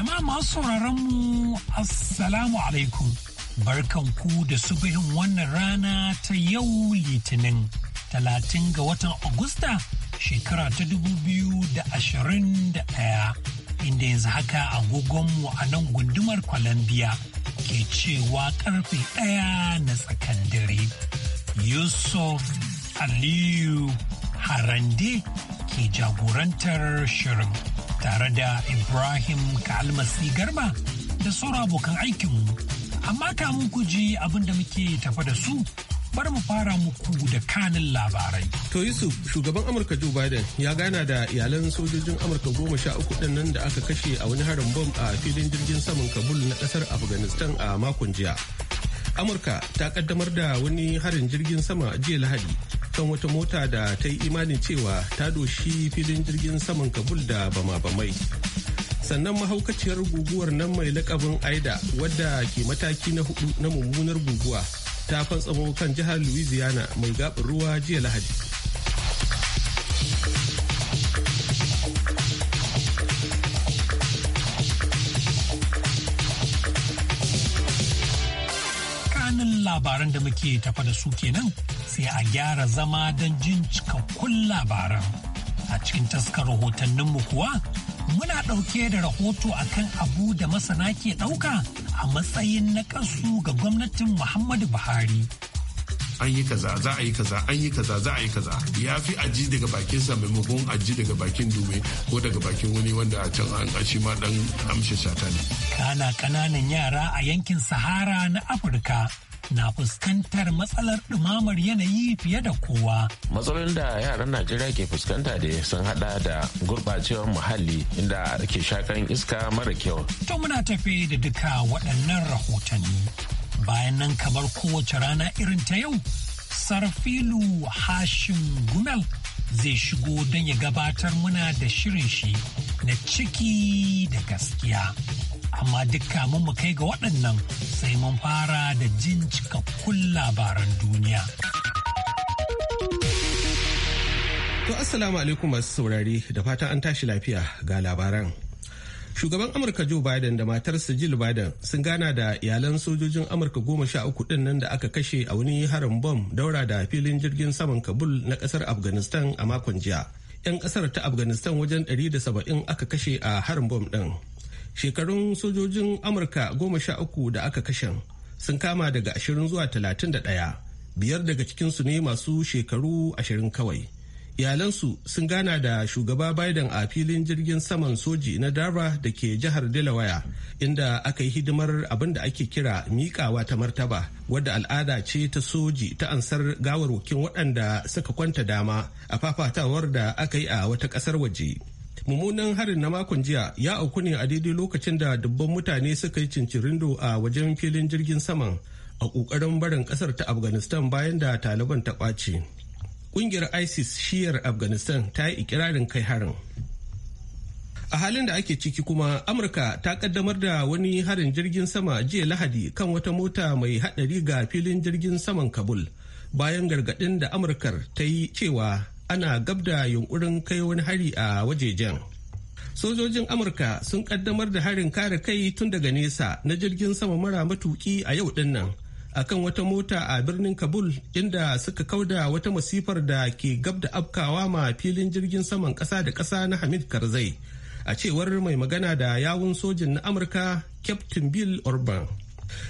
Jama'a masu sauraron mu Assalamu alaikum. ku da subihin wannan rana ta yau Litinin, talatin ga watan Agusta shekara ta dubu biyu da ashirin da ɗaya, inda yanzu haka agogonmu a nan gundumar kwalambiya ke cewa karfe ɗaya na tsakan dare. Yusuf Aliyu Harande ke jagorantar shirin. tare da Ibrahim Kalmasi Garba da sauran abokan aikinmu. Amma kamun ku ji abin da muke tafa da su bar mu fara muku da kanin labarai. To Yusuf, shugaban Amurka Joe Biden ya gana da iyalan sojojin Amurka goma sha uku ɗin nan da aka kashe a wani harin bom a filin jirgin saman Kabul na ƙasar Afghanistan a makon jiya. Amurka ta kaddamar da wani harin jirgin sama jiya Lahadi kan wata mota da ta yi imanin cewa ta doshi filin jirgin saman kabul da bama-bamai sannan mahaukaciyar guguwar nan mai lakabin aida wadda ke mataki na hudu na mummunar guguwa ta fantsamo kan jihar louisiana mai gaɓin ruwa jiya lahadi labaran da muke tafa da su kenan sai a gyara zama don jin cikakkun labaran. A cikin taskar rahotanninmu kuwa, muna ɗauke da rahoto a kan abu da masana ke ɗauka a matsayin na kansu ga gwamnatin Muhammadu Buhari. an yi kaza za a yi kaza an yi kaza za a yi kaza ya fi aji daga bakin sa maimakon aji daga bakin dume ko daga bakin wani wanda a can an ƙashi ma ɗan amshe shata ne. Kana ƙananan yara a yankin Sahara na Afirka na fuskantar matsalar ɗumamar yanayi fiye da kowa. Matsalolin da yaran Najeriya ke fuskanta da sun hada da gurbacewar muhalli inda ake shakan iska mara kyau. To muna tafe da duka waɗannan rahotanni. Bayan nan kamar kowace rana irin ta yau, Sarfilu Hashim Gumel zai shigo don ya gabatar muna da shirin shi na ciki da gaskiya. amma dukka mun mu kai ga waɗannan sai mun fara da jin cikakkun labaran duniya. To Assalamu alaikum masu saurari da fatan an tashi lafiya ga labaran. Shugaban Amurka Joe Biden da matarsa Jill Biden sun gana da iyalan sojojin Amurka goma sha uku ɗin nan da aka kashe a wani harin bom daura da filin jirgin saman Kabul na ƙasar Afghanistan a makon jiya. 'Yan ƙasar ta Afghanistan wajen 170 aka kashe a harin bom ɗin. shekarun sojojin amurka goma sha uku da aka kashe sun kama daga ashirin zuwa talatin da ɗaya biyar daga cikinsu ne masu shekaru ashirin kawai iyalansu sun gana da shugaba biden a filin jirgin saman soji na dara da ke jihar delaware inda aka yi hidimar abin da ake kira mikawa ta martaba wadda al'ada ce ta soji ta ansar gawarwakin waɗanda suka kwanta dama a fafatawar da aka yi a wata ƙasar waje mummunan harin na makon jiya ya auku ne a daidai lokacin da dubban mutane suka yi cincirindo a wajen filin jirgin saman a ƙoƙarin barin ƙasar ta afghanistan bayan da taliban ta kwace ƙungiyar isis shiyar afghanistan ta yi ikirarin kai harin a halin da ake ciki kuma amurka ta kaddamar da wani harin jirgin sama jiya lahadi kan wata mota mai hadari ga filin jirgin saman kabul bayan gargadin da amurkar ta yi cewa ana gab da yunkurin kai wani hari a wajejen sojojin amurka sun kaddamar da harin kare kai tun daga nesa na jirgin sama mara matuki a yau dinnan akan wata mota a birnin kabul inda suka kauda wata masifar da ke gab da afkawa ma filin jirgin saman kasa da kasa na hamid karzai a cewar mai magana da yawun sojin na amurka captain bill orban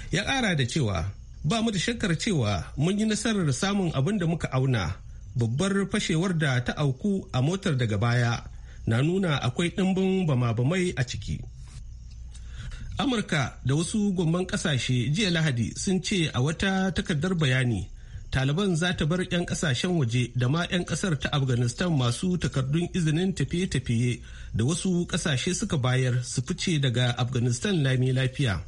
ya ƙara da cewa ba mu da shakkar cewa mun yi nasarar samun abin da muka auna babbar fashewar da ta auku a motar daga baya na nuna akwai ɗimbin bama-bamai a ciki amurka da wasu gwamman ƙasashe jiya lahadi sun ce a wata takardar bayani taliban za ta bar 'yan ƙasashen waje da ma 'yan ƙasar ta afghanistan masu takardun izinin tafiye-tafiye da wasu ƙasashe suka bayar su fice daga afghanistan lami lafiya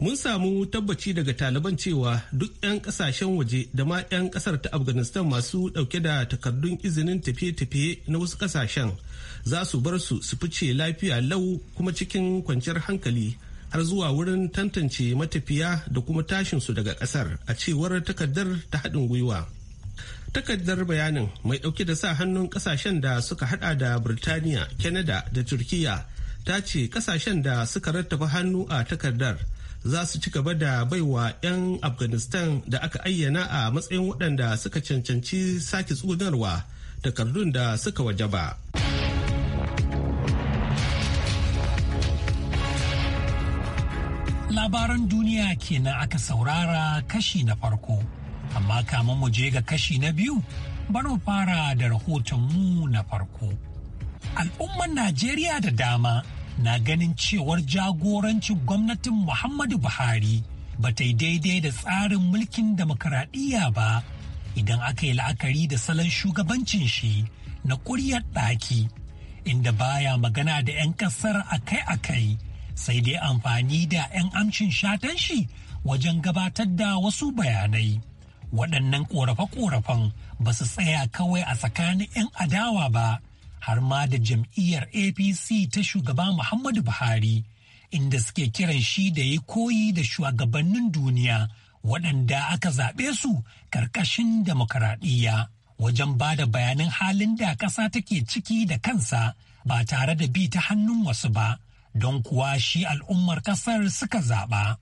mun samu tabbaci daga taliban cewa duk 'yan kasashen waje da ma 'yan kasar ta afghanistan masu dauke da takardun izinin tafiye-tafiye na wasu kasashen za su bar su su fice lafiya lau kuma cikin kwanciyar hankali har zuwa wurin tantance matafiya da kuma tashin su daga kasar a cewar takardar ta haɗin gwiwa takardar bayanin mai dauke da sa hannun kasashen da suka hada da birtaniya canada da turkiya ta ce kasashen da suka rattaba hannu a takardar za su ci gaba da baiwa 'yan afghanistan da aka ayyana a matsayin waɗanda suka cancanci sake tsugunarwa takardun da suka ba. labaran duniya kenan aka saurara kashi na farko amma kama mu je ga kashi na biyu bari fara da rahotonmu na farko al'umman najeriya da dama na ganin cewar jagorancin gwamnatin Muhammadu Buhari ba ta yi daidai da tsarin mulkin demokaradiyya ba idan aka yi la'akari da salon shugabancin shi na ƙuryar ɗaki inda baya magana da 'yan ƙasar akai-akai sai dai amfani da 'yan amshin shatan shi wajen gabatar da wasu bayanai. Waɗannan ƙorafe-ƙorafen ba su tsaya kawai a tsakanin 'yan adawa ba. har ma da jam'iyyar apc ta shugaba muhammadu buhari inda suke kiran shi da ya koyi da shugabannin duniya waɗanda aka zaɓe su ƙarƙashin demokaradiyya wajen ba da bayanin halin da ƙasa take ciki da kansa ba tare da bi ta hannun wasu ba don kuwa shi al'ummar ƙasar suka zaɓa.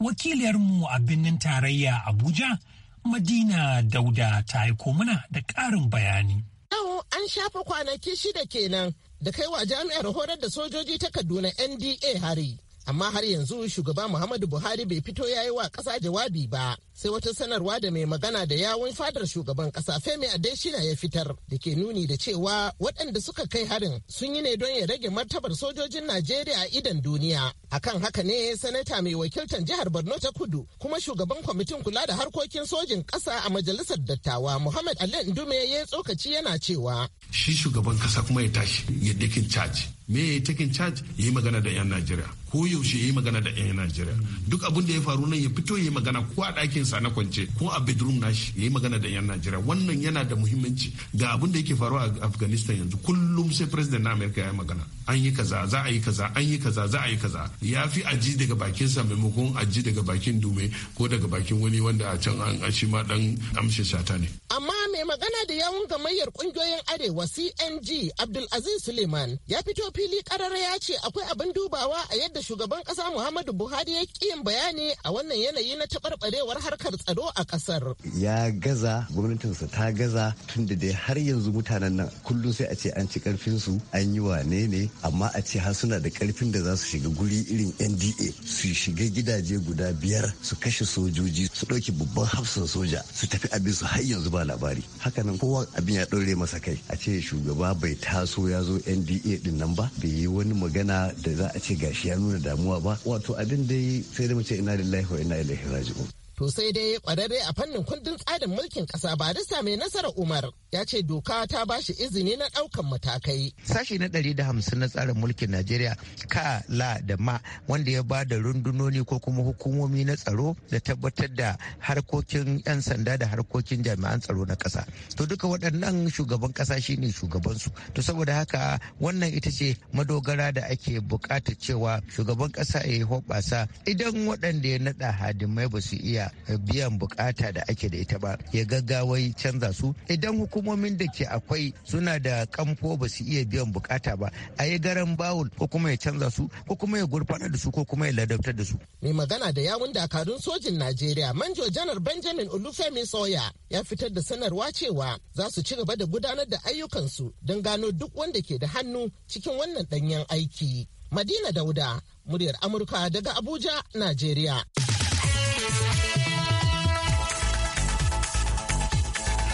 Wakiliyarmu a birnin tarayya Abuja, Madina Dauda ta yi mana da ƙarin bayani. Yau an shafa kwanaki shida kenan da kaiwa jami'ar horar da sojoji ta Kaduna NDA hari. amma har yanzu shugaba muhammadu buhari bai fito ya yi wa ƙasa jawabi ba sai wata sanarwa da mai magana da yawun fadar shugaban ƙasa femi Adesina ya fitar da ke nuni da cewa waɗanda suka kai harin sun yi ne don ya rage martabar sojojin najeriya a idan duniya akan haka ne sanata mai wakiltar jihar borno ta kudu kuma shugaban kwamitin kula da harkokin sojin ƙasa a majalisar dattawa muhammad ali ndume ya tsokaci yana cewa shi shugaban ƙasa kuma ya tashi ya dakin caji me ya taking charge ya yi magana da 'yan najeriya ko yaushe ya yi magana da 'yan najeriya duk abin da ya faru nan ya fito ya yi magana ko a dakin sa na kwance ko a bedroom nashi ya yi magana da 'yan najeriya wannan yana da muhimmanci ga abin da yake faruwa a afghanistan yanzu kullum sai president na america ya yi magana an yi kaza za a yi kaza an yi kaza za a yi kaza ya fi aji daga bakin sa maimakon aji daga bakin dume ko daga bakin wani wanda a can an shi ma dan amshin shata ne amma mai magana da yawun gamayyar kungiyoyin arewa cng abdulaziz suleiman ya fito fili karara ya ce akwai abin dubawa a yadda shugaban kasa muhammadu buhari ya yin bayani a wannan yanayi na taɓarɓarewar harkar tsaro a ƙasar ya gaza gwamnatinsa ta gaza tun da dai har yanzu mutanen nan kullum sai a ce an ci su an yi wane ne amma a ce har suna da karfin da za su shiga guri irin nda su shiga gidaje guda biyar su kashe sojoji su ɗauki babban hafsan soja su tafi abin su har yanzu ba labari haka nan kowa abin ya ɗaure masa kai a ce shugaba bai taso ya zo nda din nan ba bai yi wani magana da za a ce gashi ya nuna damuwa ba wato abin dai sai da mace ina lillahi wa ina ilaihi raji'un To sai dai kwararre a fannin kundin tsarin mulkin kasa barista mai nasarar Umar ya ce doka ta ba shi izini na daukan matakai. Sashi na ɗari da hamsin na tsarin mulkin Najeriya ka la da ma wanda ya ba da rundunoni ko kuma hukumomi na tsaro da tabbatar da harkokin 'yan sanda da harkokin jami'an tsaro na kasa. To duka waɗannan shugaban ƙasa shine shugabansu. To saboda haka wannan ita ce madogara da ake buƙatar cewa shugaban kasa ya yi hoɓasa idan waɗanda ya naɗa hadimai ba su iya biyan bukata da ake da ita ba ya gaggawai canza su idan hukumomin da ke akwai suna da kamfo ba su iya biyan bukata ba a yi garan bawul ko kuma ya canza su ko kuma ya gurfana da su ko kuma ya ladabtar da su. mai magana da yawun dakarun sojin najeriya manjo janar benjamin olufemi soya ya fitar da sanarwa cewa za su ci gaba da gudanar da ayyukansu don gano duk wanda ke da hannu cikin wannan danyen aiki. Madina Dauda, muryar Amurka daga Abuja, Najeriya.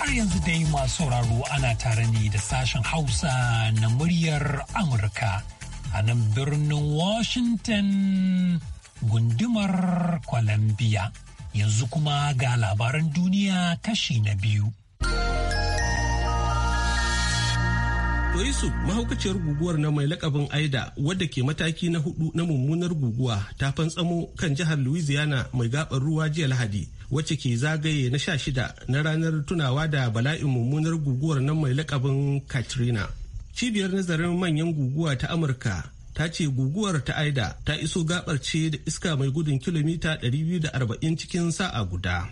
Har yanzu dai masu sauraro ana tare ne da sashen Hausa na muryar Amurka a nan birnin Washington gundumar Columbia. Yanzu kuma ga labaran duniya kashi na biyu. To mahaukaciyar guguwar na mai lakabin Aida wadda ke mataki na hudu na mummunar guguwa ta fantsamo kan jihar Louisiana mai gabar ruwa jiya Lahadi. wacce ke zagaye na sha shida na ranar tunawa da bala'in mummunar guguwar nan mai lakabin katrina cibiyar nazarin manyan guguwa ta amurka ta ce guguwar ta aida ta iso gabar ce da iska mai gudun kilomita 240 cikin sa'a guda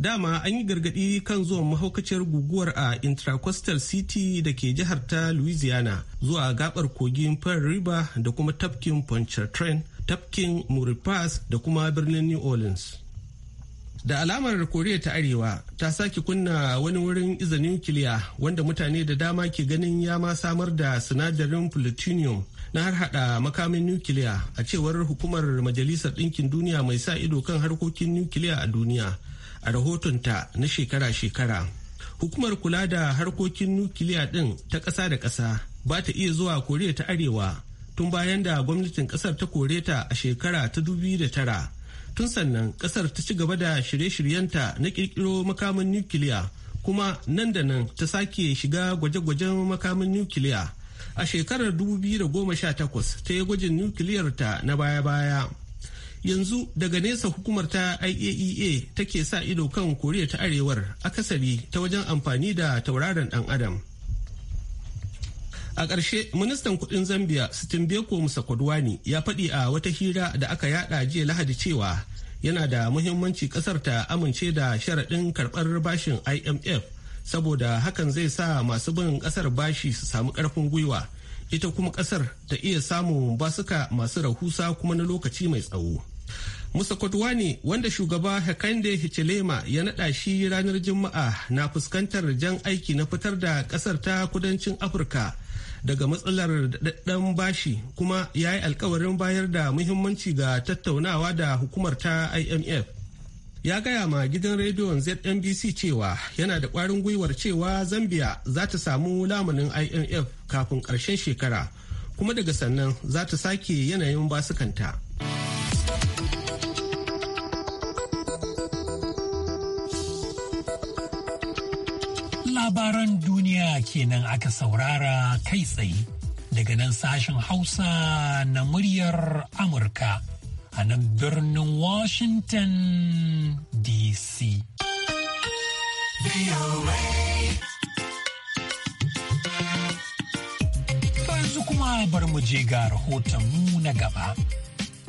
dama an yi gargadi kan zuwan mahaukaciyar guguwar a intracoastal city da ke jihar ta louisiana zuwa gabar kogin pearl river da kuma tafkin pontchartrain tafkin muripas da kuma birnin new orleans da alamar koriya ta arewa ta sake kunna wani wurin iza nukiliya wanda mutane da dama ke ganin ya ma samar da sinadarin plutonium na har hada makamin nukiliya a cewar hukumar majalisar ɗinkin duniya mai sa ido kan harkokin nukiliya a duniya a rahotonta na shekara-shekara hukumar kula da harkokin nukiliya ɗin ta ƙasa da ƙasa ba ta iya zuwa koriya ta arewa tun bayan da gwamnatin ƙasar ta kore ta a shekara ta tara. tun sannan kasar ta ci gaba da shirye-shiryenta na kirkiro makamin nukiliya kuma nan da nan ta sake shiga gwaje-gwajen makamin nukiliya a shekarar 2018 ta yi gwajin nukiliyarta na baya-baya yanzu daga nesa hukumar ta iaea e take sa ido kan koriya ta arewar akasari ta wajen amfani da tauraron dan adam a ƙarshe ministan kudin zambia musa musakwadwani ya faɗi a wata hira da aka yada jiya lahadi cewa yana da muhimmanci ƙasar ta amince da sharaɗin karɓar bashin imf saboda hakan zai sa masu bin ƙasar bashi su samu ƙarfin gwiwa ita kuma ƙasar ta iya samun basuka masu rahusa kuma na lokaci mai tsawo Musa Kotwani wanda shugaba Hakainde Hichilema ya naɗa shi ranar Juma'a na fuskantar jan aiki na fitar da ƙasar ta kudancin Afirka daga matsalar daɗaɗɗen bashi kuma ya yi alkawarin bayar da muhimmanci ga tattaunawa da hukumar ta imf ya gaya ma gidan rediyon znbc cewa yana da ƙwarin gwiwar cewa zambia za ta samu lamunin imf kafin ƙarshen shekara kuma daga sannan za ta sake yanayin basukanta. kenan aka saurara kai tsaye daga nan sashen Hausa na muryar Amurka a nan birnin Washington DC. yanzu kuma bar mu je ga rahotonmu na gaba.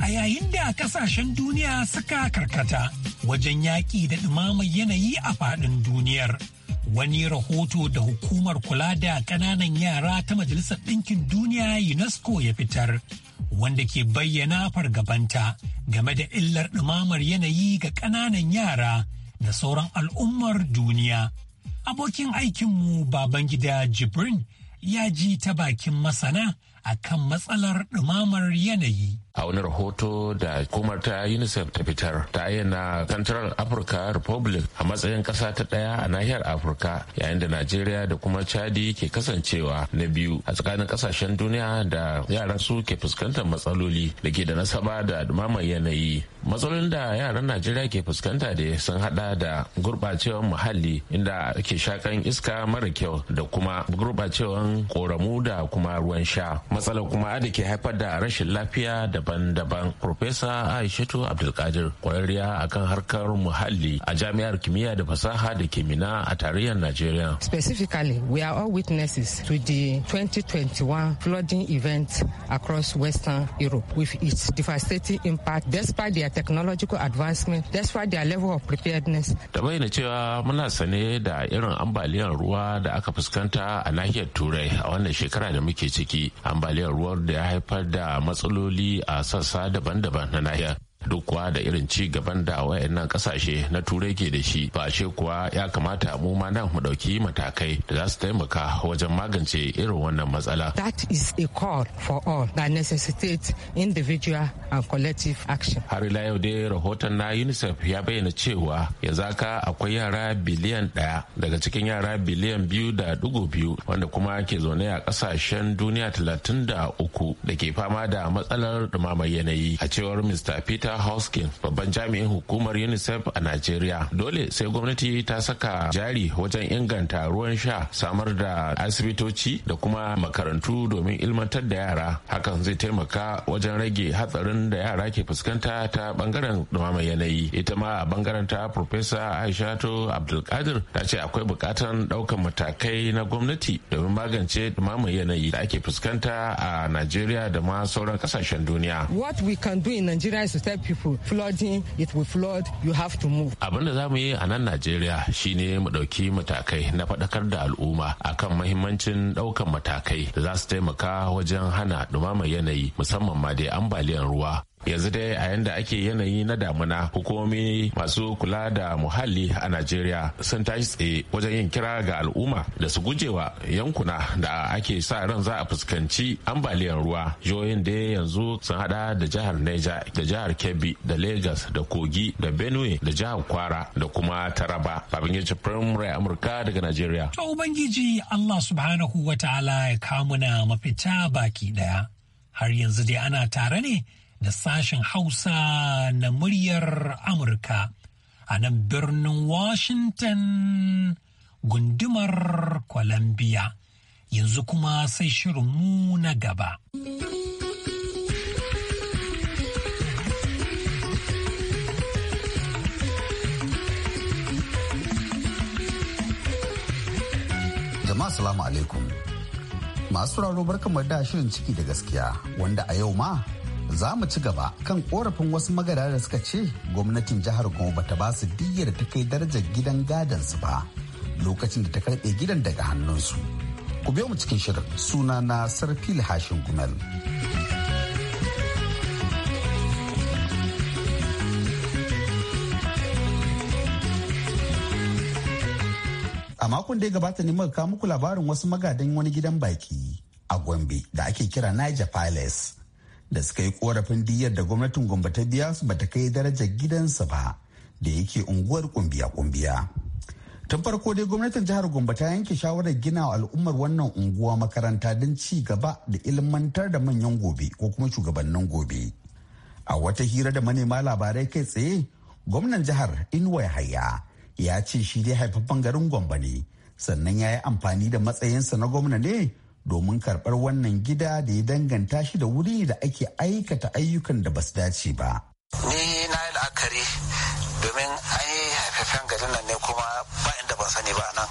A yayin da kasashen duniya suka karkata wajen yaƙi da ɗumamar yanayi a faɗin duniyar. wani rahoto da hukumar kula da ƙananan yara ta majalisar ɗinkin duniya unesco ya fitar wanda ke bayyana fargabanta game da illar ɗumamar yanayi ga ƙananan yara da sauran al'ummar duniya abokin aikinmu babangida jibrin ya ji ta bakin masana akan matsalar ɗumamar yanayi a wani rahoto da hukumar ta unicef ta fitar ta ayyana central africa republic a matsayin ƙasa ta ɗaya a nahiyar afirka yayin da najeriya da kuma chadi ke kasancewa na biyu a tsakanin ƙasashen duniya da yaran su ke fuskantar matsaloli da ke da nasaba da dumamar yanayi matsalolin da yaran najeriya ke fuskanta da sun hada da gurɓacewar muhalli inda ke shakan iska mara kyau da kuma gurɓacewar koramu da kuma ruwan sha matsalar kuma da ke haifar da rashin lafiya da daban-daban. Profesa Aishatu Abdulkadir kwararriya akan harkar muhalli a Jami'ar Kimiyya da Fasaha da kimina a tarayyar Najeriya. Specifically, we are all witnesses to the 2021 flooding event across Western Europe with its devastating impact despite their technological advancement, despite their level of preparedness. Ta bayyana cewa muna sane da irin ambaliyar ruwa da aka fuskanta a nahiyar Turai a wannan shekara da muke ciki. Ambaliyar ruwa da ya haifar da matsaloli a sassa daban-daban na nahiyar duk kuwa da irin ci gaban da wayannan kasashe na turai ke da shi ba ce kuwa ya kamata mu ma nan mu dauki matakai da za su taimaka wajen magance irin wannan matsala that is a call for all that necessitates individual and collective action har ila yau dai rahoton na unicef ya bayyana cewa yanzu haka akwai yara biliyan daya daga cikin yara biliyan biyu da dugu biyu wanda kuma ke zaune a kasashen duniya talatin da uku da ke fama da matsalar dumamar yanayi a cewar mr peter Peter Hoskins babban jami'in hukumar UNICEF a Najeriya. Dole sai gwamnati ta saka jari wajen inganta ruwan sha samar da asibitoci da kuma makarantu domin ilmantar da yara. Hakan zai taimaka wajen rage hatsarin da yara ke fuskanta ta bangaren dumamar yanayi. Ita ma a bangaren ta Profesa Aishatu Abdulkadir ta ce akwai bukatar daukan matakai na gwamnati domin magance dumamar yanayi da ake fuskanta a Najeriya da ma sauran kasashen duniya. What we can do in Nigeria is people flooding it will flood you have to move abin da zamu yi a nan Najeriya shine mu dauki matakai na faɗakar da al'umma akan mahimmancin daukan matakai da za su taimaka wajen hana dumamar yanayi musamman ma dai ambaliyar ruwa yanzu dai a yanda ake yanayi na damuna hukumomi masu kula da muhalli a najeriya sun tashi tsaye wajen yin kira ga al'umma da su gujewa yankuna da ake sa ran za a fuskanci ambaliyar ruwa jihohin da yanzu sun hada da jihar neja da jihar kebbi da Legas, da kogi da benue da jihar kwara da kuma taraba yanci firamare amurka daga najeriya to ubangiji allah subhanahu wa ta'ala ya kamuna mafita baki daya har yanzu dai ana tare ne da sashen Hausa na muryar Amurka a nan birnin Washington gundumar Columbia. Yanzu kuma sai shirin mu na gaba. Jama'a salamu alaikum. Masu raro barkamar da shirin ciki da gaskiya wanda a yau ma za mu ci gaba kan korafin wasu magada da suka ce gwamnatin jihar Goma bata ba su diyyar ta kai darajar gidan gadon su ba lokacin da ta karɓe gidan daga hannunsu. Ku biyo mu cikin shirin suna na Sarfil Hashin Gumel. A makon da ya gabata ne muka kawo muku labarin wasu magadan wani gidan baki a Gombe da ake kira Niger Palace. da suka yi korafin diyar da gwamnatin Gombe ta biya su bata kai darajar gidansa ba da yake unguwar kumbiya-kumbiya. Tun farko dai gwamnatin jihar Gombe ta yanke shawarar gina wa al'ummar wannan unguwa makaranta don ci gaba da ilmantar da manyan gobe ko kuma shugabannin gobe. A wata hira da manema labarai kai tsaye, gwamnan jihar Inuwa Yahaya ya ce shi dai haifaffen garin Gombe ne, sannan ya yi amfani da matsayinsa na gwamna ne domin karɓar wannan gida da ya danganta shi da wuri da ake aikata ayyukan da ba su dace ba. Ni na yi la'akari domin an yi haifafen garin nan ne kuma ba inda ban sani ba nan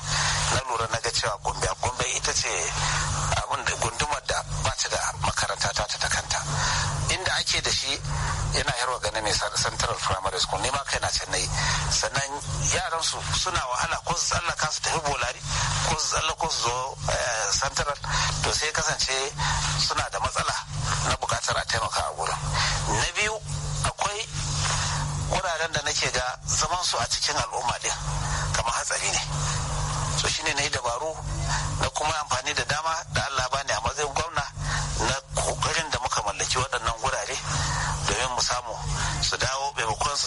na lura na ga cewa gombe gombe ita ce abin da gunduma ake da shi yana yarwa gani ne central primary school ne ma kai na can nayi sannan yaran su suna wahala ko su tsallaka su tafi bolari ko su tsallako su zo eh, central to sai kasance suna da matsala na bukatar a taimaka a gurin na biyu akwai wuraren da nake ga zaman su a cikin al'umma din kamar hatsari ne so shine na yi dabaru na kuma amfani da dama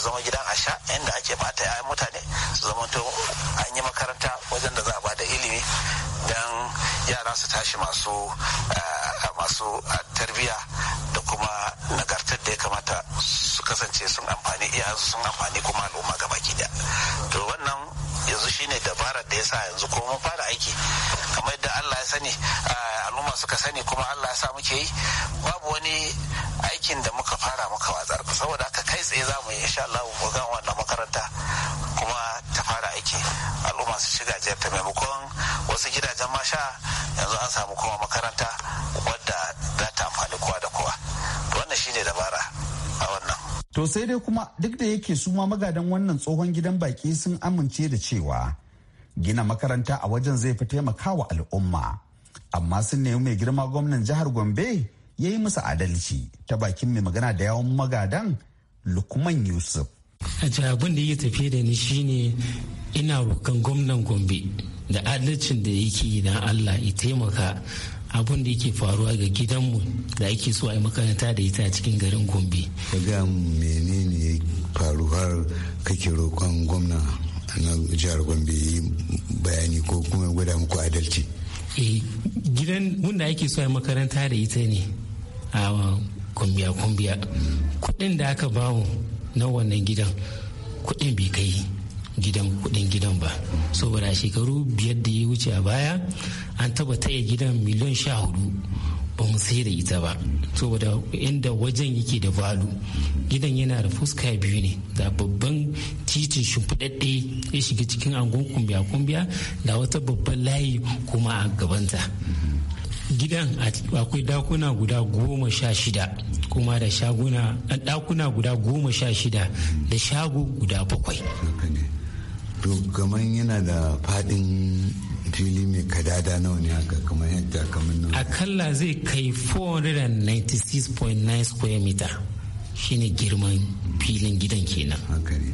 zama gidan asha inda ake bata yayan mutane su zama to an yi makaranta wajen da za a da ilimi don yara su tashi masu eh, masu eh, tarbiyya da kuma nagartar da ya kamata su kasance sun amfani iyayensu sun amfani kuma al'umma gaba da to wannan yanzu shine dabarar da ya sa yanzu ko mun fara aiki kamar yadda allah ya sani eh, al'umma suka sani kuma allah ya sa muke yi babu wani aikin da muka fara muka watsar saboda kai tsaye za mu yi insha Allah mu ga wannan makaranta kuma ta fara aiki al'umma su shiga ta maimakon wasu gidajen masha yanzu an samu kuma makaranta wadda za ta amfani kowa da kowa wannan shine dabara a wannan to sai dai kuma duk da yake su ma magadan wannan tsohon gidan baki sun amince da cewa gina makaranta a wajen zai fi taimakawa al'umma amma sun nemi mai girma gwamnan jihar gombe ya yi musu adalci ta bakin mai magana da yawon magadan lukman yusuf a abin da ya tafi da ni shine ina rokan gwamnan gombe da adalcin da yake idan allah ya taimaka abun da yake faruwa ga gidanmu da ake so a yi makaranta da ita a cikin garin gombe ga menene ya faru har kake roƙon gwamna na jihar gombe yi bayani ko kuma gwada muku adalci eh, gidan wanda ake so a yi makaranta da ita ne a kumbiya kumbiya kuɗin da aka bamu na wannan gidan kuɗin bai kai gidan kuɗin gidan ba saboda shekaru biyar da ya wuce a baya an taba taya gidan miliyan sha hudu ba mu sai da ita ba saboda inda wajen yake da balu gidan yana da fuska biyu ne da babban titin shimfiɗaɗɗe ya shiga cikin angon kumbiya kumbiya da wata babban layi kuma a gabanta gidan akwai dakuna guda goma sha shida kuma da shaguna dakuna guda goma sha shida da shago guda bakwai to kamar yana da fadin fili mai kadada nawa ne haka kamar yadda kamar nawa akalla zai kai 496.9 square meter shine girman filin gidan kenan haka ne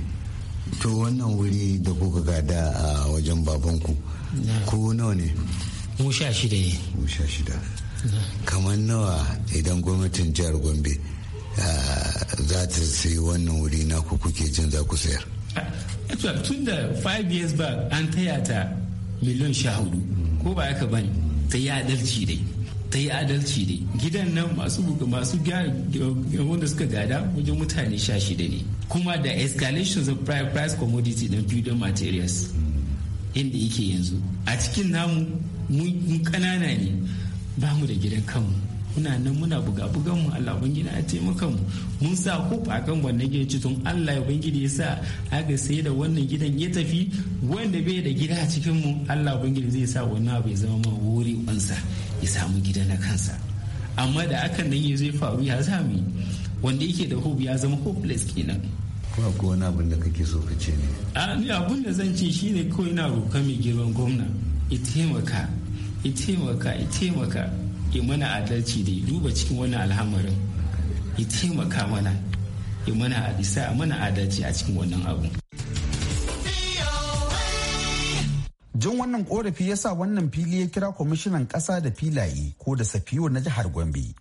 to wannan wuri da kuka gada a wajen babanku ko nawa ne mu sha shida ne mu sha shida kamar nawa idan gwamnatin jihar gombe ah, za ta sayi wannan wuri na ku kuke jin za ku sayar ah, tun da 5 years back an taya ta miliyan sha hudu ko ba yaka bane ta yi adalci dai ta yi adalci dai gidan nan masu masu wanda suka gada wajen mutane sha shida ne kuma da escalations of price commodity na building materials inda yake yanzu a cikin namu mun ƙanana ne ba mu da gidan kanmu muna nan muna buga bugan mu Allah ubangiji ya taimaka mu mun sa ku a kan wannan gidan tun Allah ya ubangiji ya sa aka sai da wannan gidan ya tafi wanda bai da gida a cikin mu Allah ubangiji zai sa wannan abu ya zama mu wuri wansa ya samu gida na kansa amma da akan nan ya zai faru ya sami wanda yake da hope ya zama hopeless kenan ko ko wani abin da kake so ka ce ne a ni abin da zan ce shine kawai na roka mai girman gwamna ya taimaka ya taimaka ya taimaka ya mana adalci da ya duba cikin wannan alhamarin ya taimaka mana ya mana adisa mana adalci a cikin wannan abu jin wannan korafi ya sa wannan fili ya kira kwamishinan ƙasa da filaye ko da safiyo na jihar gombe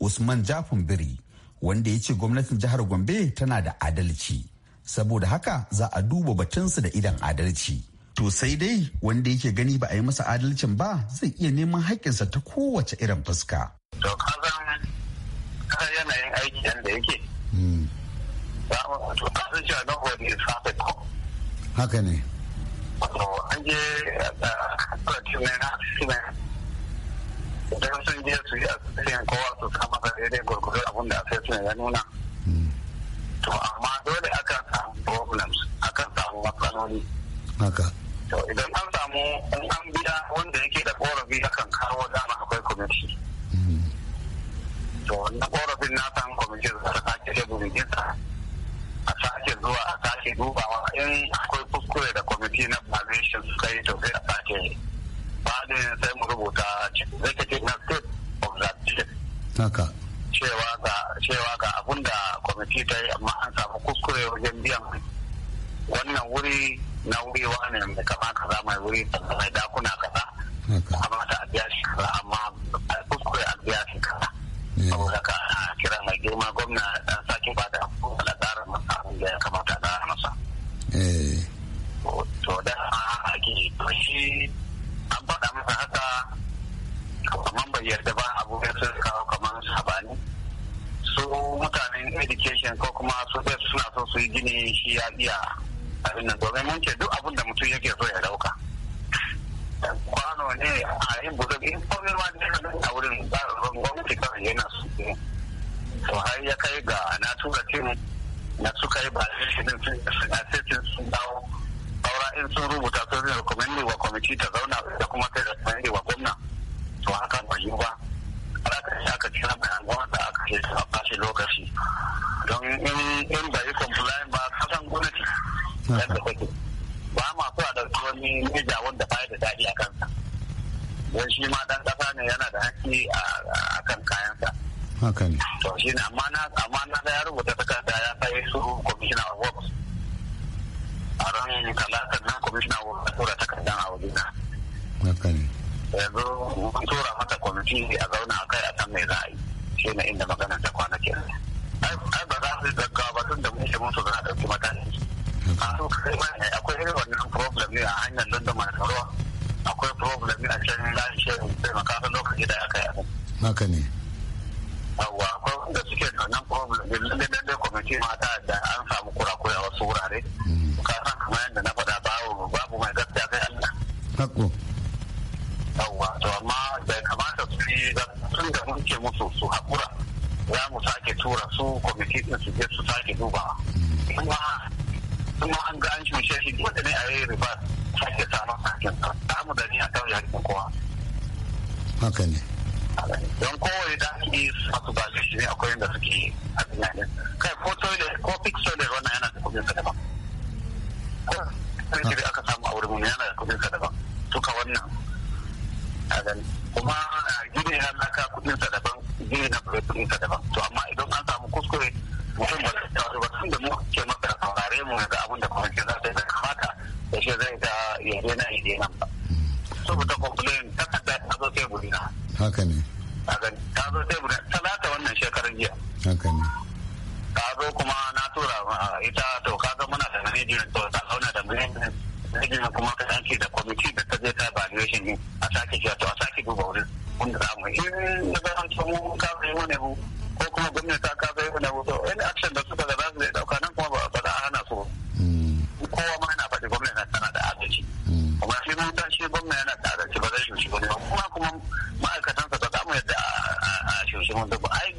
usman jafin biri wanda ya ce gwamnatin jihar gombe tana da adalci saboda haka za a duba batunsu da idan adalci To sai dai wanda yake gani ba a yi masa adalcin ba zai iya neman haƙƙinsa ta kowace irin fuska. To kazan yanayin aiki yadda yake. Hmm. Haka ne. An je a da na, idan sun je su yi a asirin kowa su kama da daidai gwargwaro abin da asirin ya nuna. Hmm. To amma dole akan samu problems akan samu matsaloli. Haka. to idan an samu in an biya wanda yake da korafi akan kawo dama akwai kwamiti to na korafin na san kwamiti za ta sake teburin isa a sake zuwa a sake dubawa in akwai kuskure da kwamiti na valuation suka yi to sai a sake bani sai mu rubuta zai kace na state of that state haka cewa ga cewa ga abun da kwamiti ta yi amma an samu kuskure wajen biyan wannan wuri na wuri wani mai kama kaza mai wuri kaza mai dakuna kaza amma ta a biya shi kaza amma a kuskure a biya shi kaza saboda ka kira mai girma gwamna dan sake ba da kuma tsara masa abin da ya kamata a tsara masa eh. to da ake to shi an faɗa masa haka kamar bai yarda ba abu ya sun kawo kamar sabani su mutanen education ko kuma su suna so su yi gini shi ya iya abin nan domin mun ce duk abin da mutum yake so ya dauka kwano ne a yin buzuk in komai ma da yana a wurin tsarin gwamnati kawai yana su to har ya kai ga na tura tim na suka yi ba shirin sun asisin sun dawo saura in sun rubuta sun zai rekomendi wa kwamiti ta zauna da kuma sai rekomendi wa gwamna to haka ba yi ba aka shi aka kira bayan da aka ce a bashi lokaci don in ba yi compliant yadda kake ba ma so a ɗauki wani meja wanda ba da daɗi a kansa don shi ma ɗan ƙasa ne yana da haƙƙi a kan kayansa haka ne to shi ne amma na amma na ya rubuta takarda ya kai su commissioner of works a ran talatan nan commissioner of works tura takardan a wajena haka ne yanzu mun tura mata kwamiti a zauna a kai a san me za a yi shi ne inda magana ta kwana kenan ai ba za su yi gaggawa ba tun da mun shi mun su za a ɗauki mataki akwai irin wannan problem ne a hanyar london da tsaro akwai problem ne a can lashe sai makasa lokaci da aka yi haka ne yawwa akwai wanda suke da wannan problem ne lalle lalle kwamiti mata da an samu kurakurai a wasu wurare mm. ka san kamar yadda na faɗa babu babu mai gaskiya sai allah hakko yawwa to amma bai kamata su yi tun da muke musu su haƙura za mu sake tura su kwamiti su je su sake dubawa kuma an ga an cuce shi duk wanda ne a yi riba sake samun hakkin sa ta mu da ni a tauye yakin kowa haka ne don kowai da ake masu ba shi ne akwai yadda suke a tunanin kai ko toilet ko fixed toilet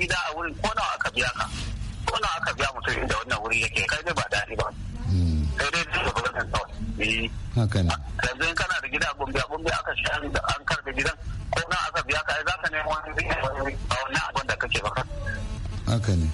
gida a wurin ko nawa aka biya ka ko nawa aka biya mutum inda wannan wuri yake kai ne ba daɗi ba sai dai duk da wannan kawai eh. haka ne yanzu in kana da gida gombe gombe aka shi an karɓe gidan ko nawa aka biya ka ai za ka nemo wani a wannan abin da kake ba haka ne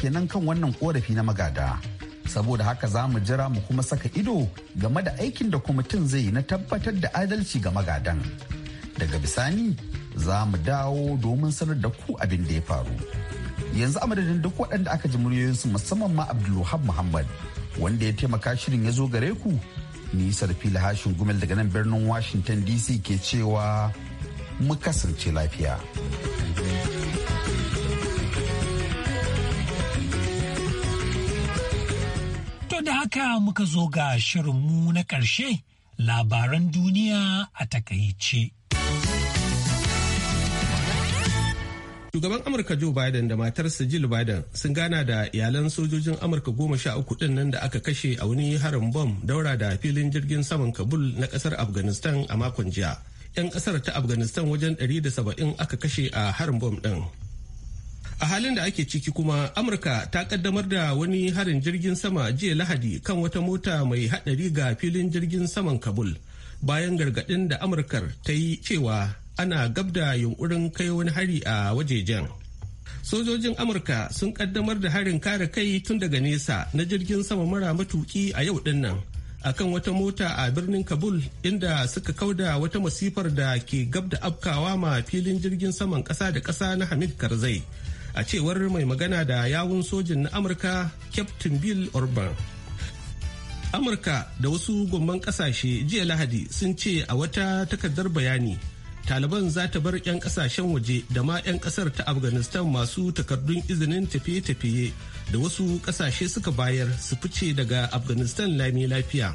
kenan kan wannan korafi na magada saboda haka za mu jira mu kuma saka ido game da aikin da kwamitin zai yi na tabbatar da adalci ga magadan daga bisani za mu dawo domin sanar da ku abin da ya faru yanzu a madadin duk waɗanda aka ji muryoyinsu musamman ma abdulluhab muhammad wanda ya taimaka shirin ya zo gare ku ni sarfi lahashin gumel daga nan birnin washington dc ke cewa mu kasance lafiya. haka muka zo ga shirinmu na ƙarshe labaran duniya a takaice. Shugaban Amurka Joe Biden da matarsa Jill Biden sun gana da iyalan sojojin Amurka goma sha uku ɗin nan da aka kashe a wani harin bom daura da filin jirgin saman Kabul na ƙasar Afghanistan a makon jiya. 'Yan ƙasar ta Afghanistan wajen 170 aka kashe a harin bom ɗin. a halin da ake ciki kuma amurka ta kaddamar da wani harin jirgin sama jiya lahadi kan wata mota mai hadari ga filin jirgin saman kabul bayan gargadin da amurkar ta yi cewa ana gab da yunkurin kai wani hari a wajejen sojojin amurka sun kaddamar da harin kare kai tun daga nesa na jirgin sama mara matuki a yau dinnan akan wata mota a birnin kabul inda suka kauda wata masifar da ke gab da afkawa ma filin jirgin saman kasa da kasa na hamid karzai a cewar mai magana da yawun sojin na amurka captain bill orban amurka da wasu gomman kasashe jiya lahadi sun ce a wata takardar bayani taliban za ta bar 'yan kasashen waje da ma 'yan kasar ta afghanistan masu takardun izinin tafiye-tafiye da wasu kasashe suka bayar su fice daga afghanistan lami lafiya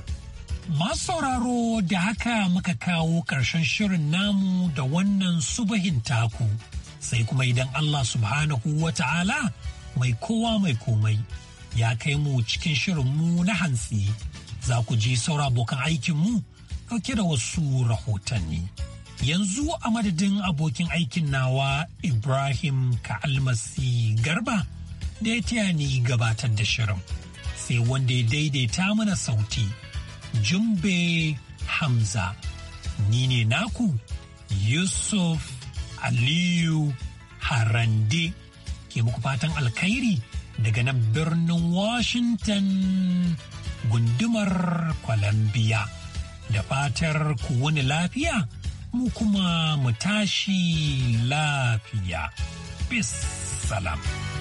Masu sauraro da haka muka kawo karshen shirin namu da wannan subahin taku sai kuma idan Allah subhanahu wa ta'ala mai kowa mai komai ya kai mu cikin shirin mu na hantsi za ku ji saura abokan aikinmu ɗauke da wasu rahotanni. Yanzu a madadin abokin aikin nawa Ibrahim Ka'almasi Garba da ya taya ni gabatar da shirin sai wanda ya daidaita mana sauti Jumbe Hamza. Ni ne naku Yusuf Aliyu Harande ke muku fatan alkhairi daga nan birnin Washington gundumar Columbia. Da fatar ku wani lafiya mu kuma mu tashi lafiya. Peace salam.